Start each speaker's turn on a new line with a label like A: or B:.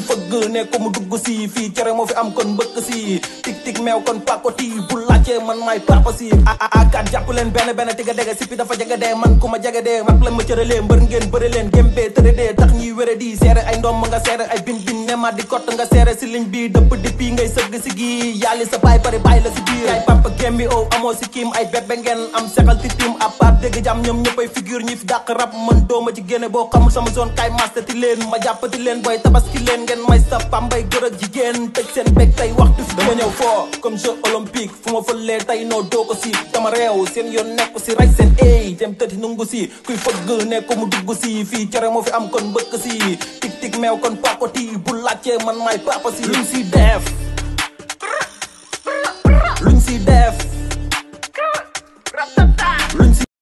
A: fëgg ne ko mu dugg si fii cere moo fi am kon mbëkk si tik tik meew kon pakoti bu laajte man maay papa si akat ah, ah, ah, jàpp leen benn benn tiga dege si fi dafa jege dee man ku ma jege dee mag leen ma cëralee mbër ngeen bëri leen gémbee tëre dee tax ñuy wére di seere ay ndoom nga seere ay bin bin ne ma di kott nga seere si liñ bi dëpp dippi ngay sëgg si gi yalli sa baay pare bàyyi la si biir ay papa gém bi oh, amoo si kiim ay bébé ngeen am sexal ti cam ñoom ñëppay figure ñi fi dàq rab man dooma ci génne boo xamul sama zone kay mastati leen ma jàppati leen booy tabaski leen ngeen may sa bay góor ak jigéen tëj seen bég tey waxtu fi dama ñëw foo comme jeu olympique fu ma fëlee tey noo doo ko si dama réew seen yoon nekku si raj seen eey dem tëti nungu si kuy fëgg nekku mu dugg si fii cere moo fi am kon mbëkk si tik tik meew kon pakoti bu laajte man maay papa si luñ si def luñ
B: si def